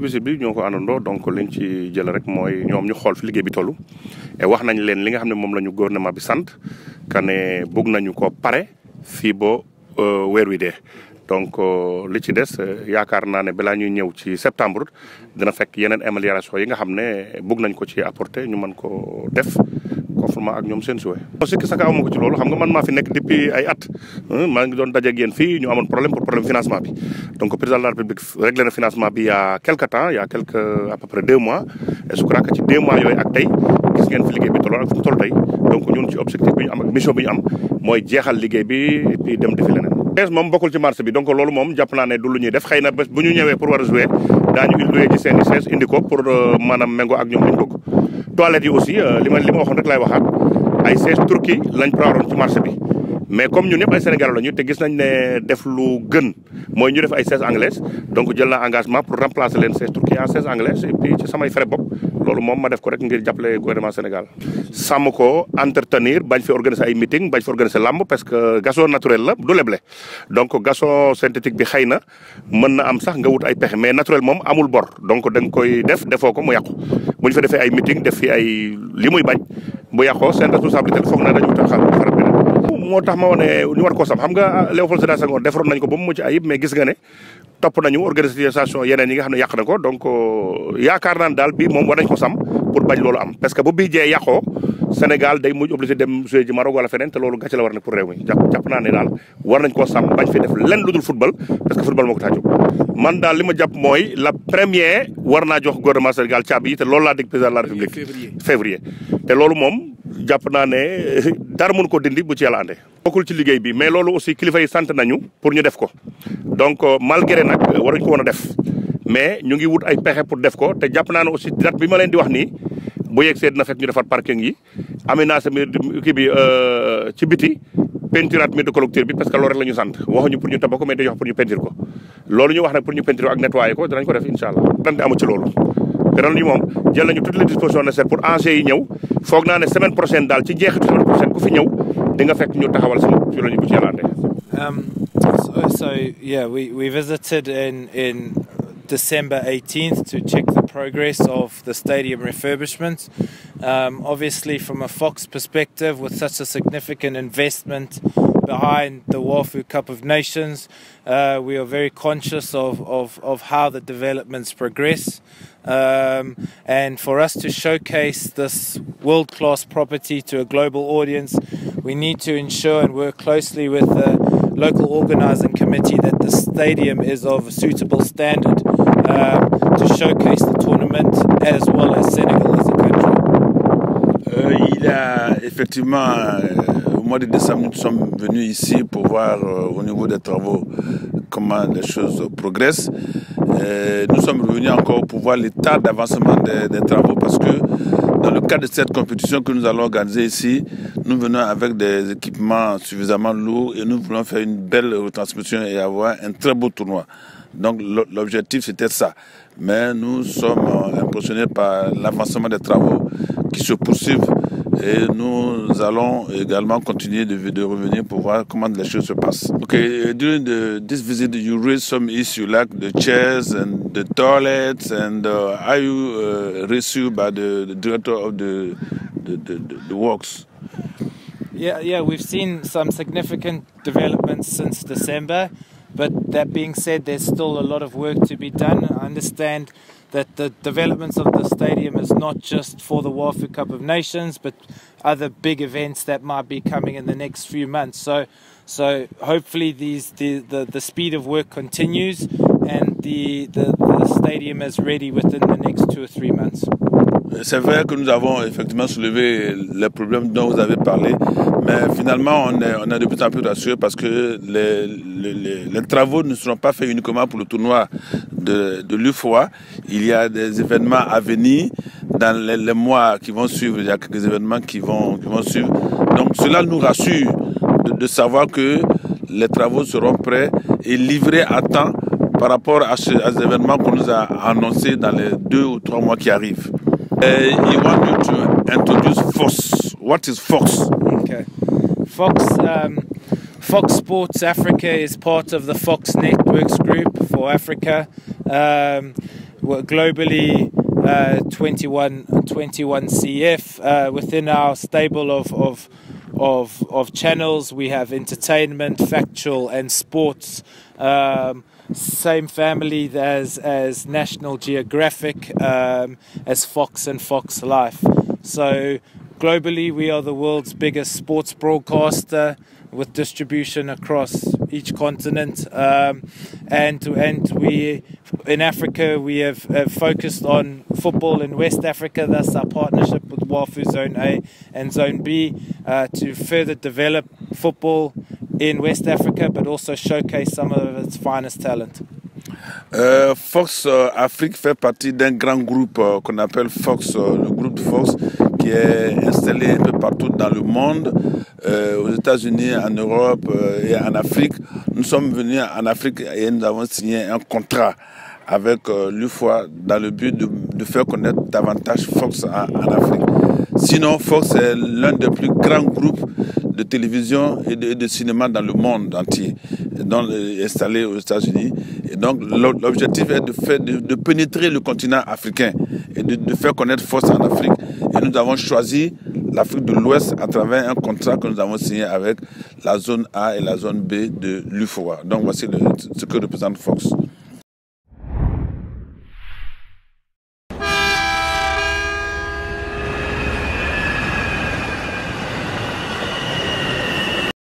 technique visite bi ñoo ko àndandoo donc liñ ci jël rek mooy ñoom ñu xool fi liggéey bi toll. et wax nañ leen li nga xam ne moom la ñu gouvernement bi sant que ne bëgg nañu ko pare fii ba euh, weer wi dee. donc euh, li ci des yaakaar naa ne balaa ñuy ñëw ci septembre dina fekk yeneen amélioration yi nga xam ne bëgg nañ ko ci apporter ñu mën ko def. conformément ak ñoom seen souhait sikki saka amu ko ci loolu xam nga man maa nekk depuis ay at maa ngi doon dajeeg yéen fii ñu amoon problème pour problème financement bi donc a quelque temps il y a quelque à peu près deux mois et je crois que ci deux bi tolloon ak fu mu toll tey donc ñun ci objectif bi ñu am mooy jeexal liggéey bi dem defi moom bokkul ci marché bi donc loolu moom jàpp naa ne du lu ñuy def xëy na bés bu ñu ñëwee pour war a jouer daañu luwee ci seen i indi pour euh, maanaam méngoo ak ñoom lañ bëgg toilettes yi aussi euh, li ma li ma waxoon rek laay waxaat ay sièges turquie lañ préwaroon ci marché bi mais comme ñun ñëpp ay Sénégalais lañu te gis nañ ne def lu gën mooy ñu ref ay sièges anglais donc jël naa engagement pour remplacer leen sièges turquie en sièges anglais et puis ci samay frais bopp loolu moom ma def ko rek ngir jàppale gouvernement Sénégal sàmm ko entretenir bañ fi organiser ay meeting bañ fi organiser làmb parce que gazon naturel la du leble donc gaso synthétique bi xëy na mën na am sax nga wut ay pexe mais naturel moom amul bor donc da nga koy def defoo ko mu yàqu bu ñu fa defee ay meeting def fi ay li muy bañ bu yàqoo seen responsabilité foog na dañu taxaw moo tax ma wane ñu war ko sam xam nga ah, Léopold Sédar Senghor defaroon nañ ko ba mu mucc ayib gis nga ne topp nañu organisation yeneen xam ne yàq na ko donc euh, yaakaar naan daal bii moom war ko sam pour bañ loolu am parce que bu bii jee yàqoo Sénégal day mujj obligé dem jouer ji wala feneen te loolu gàcce la war na pour réew mi jàpp jàpp ne daal war nañ sam bañ fi def lenn lu football parce que football moo ko tax man daal li ma mooy la première war jàpp naa ne dara mun ko dindi bu ci yàlla ànde bokkul ci liggéey bi mais loolu aussi kilifa yi sant nañu pour ñu def ko donc euh, malgré nag waruñ ko woon a def mais ñu ngi wut ay pexe pour def ko te jàpp naa ne aussi date bi ma leen di wax nii bu yegsee dina fekk ñu defar parking yi aménagé kii bi euh, ci biti peinturaat médicolocture bi parce ko mais dañu wax pour loolu ñu wax nag pour ñu peinture ak nettoyer ko danañ ko def incha allah. dante amu ci loolu ren yi moom jël nañu toutes les naa ne semaine daal ci jeexitu semaine fi ñëw di um, we visited in December the progress of the stadium refurbishment. Um, obviously, from a Fox perspective, with such a significant investment behind the Wafu Cup of Nations, uh, we are very conscious of, of, of how the developments progress. Um, and for us to showcase this world class property to a global audience, we need to ensure and work closely with the local organising committee that the stadium is of a suitable standard um, to showcase the tournament as well as Senegal as a country. Euh, il a effectivement, euh, au mois de décembre, nous sommes venus ici pour voir euh, au niveau des travaux comment les choses progressent. Et euh, nous sommes revenus encore pour voir l'état d'avancement des, des, travaux parce que dans le cadre de cette compétition que nous allons organiser ici, nous venons avec des équipements suffisamment lourds et nous voulons faire une belle retransmission et avoir un très beau tournoi. Donc l'objectif c'était ça. Mais nous sommes euh, impressionnés par l'avancement des travaux qui se poursuivent Et nous allons également continuer de, de revenir pour voir comment les choses se passent. Euh, during this visit, you raised some issues like the chairs and toilets, and uh, are you uh, received the, director of the, the, Yeah, yeah, we've seen significant developments since December, but that being said, there's still a lot of work to be done. I understand that the developments of the stadium is not just for the Wafu Cup of Nations, but other big events that might be coming in the next few months. So, so hopefully these the, the, the speed of work continues, and the, the the stadium is ready within the next two or three months. C'est vrai que nous avons effectivement soulevé les problèmes dont vous avez parlé, mais finalement, on est, on est de plus en plus rassuré parce que les, les, les, travaux ne seront pas faits uniquement pour le tournoi de, de l'UFOA. Il y a des événements à venir dans les, les, mois qui vont suivre. Il y a quelques événements qui vont, qui vont suivre. Donc, cela nous rassure de, de savoir que les travaux seront prêts et livrés à temps par rapport à, ce, à ces événements qu'on nous a annoncés dans les deux ou trois mois qui arrivent. Uh, you want What is Fox? Um, Fox, Sports Africa is part of the Fox Networks Group for Africa. Um, globally, uh, CF. Uh, within our stable of, channels, we have entertainment, factual, and sports. Um, same family as as National Geographic, um, as Fox and Fox Life. So globally, we are the world's biggest sports broadcaster with distribution across each continent. Um, and and we in Africa we have, have, focused on football in West Africa. That's our partnership with WAFU Zone A and Zone B uh, to further develop football in West Africa, but also showcase some of its finest talent. Euh, Fox euh, Afrique fait partie d'un grand groupe euh, qu'on appelle Fox, euh, le groupe Fox, qui est installé un peu partout dans le monde, euh, aux États-Unis, en Europe euh, et en Afrique. Nous sommes venus en Afrique et nous avons signé un contrat avec l'UFOA dans le but de, de, faire connaître davantage Fox en, en Afrique. Sinon, Fox est l'un des plus grands groupes de télévision et de, et de, cinéma dans le monde entier, dans, installés aux États-Unis. Et donc l'objectif est de, faire, de, de, pénétrer le continent africain et de, faire connaître Force en Afrique. Et nous avons choisi l'Afrique de l'Ouest à un contrat que nous avons signé avec la zone A et la zone B de l'UFOA. Donc voici le, ce représente Fox.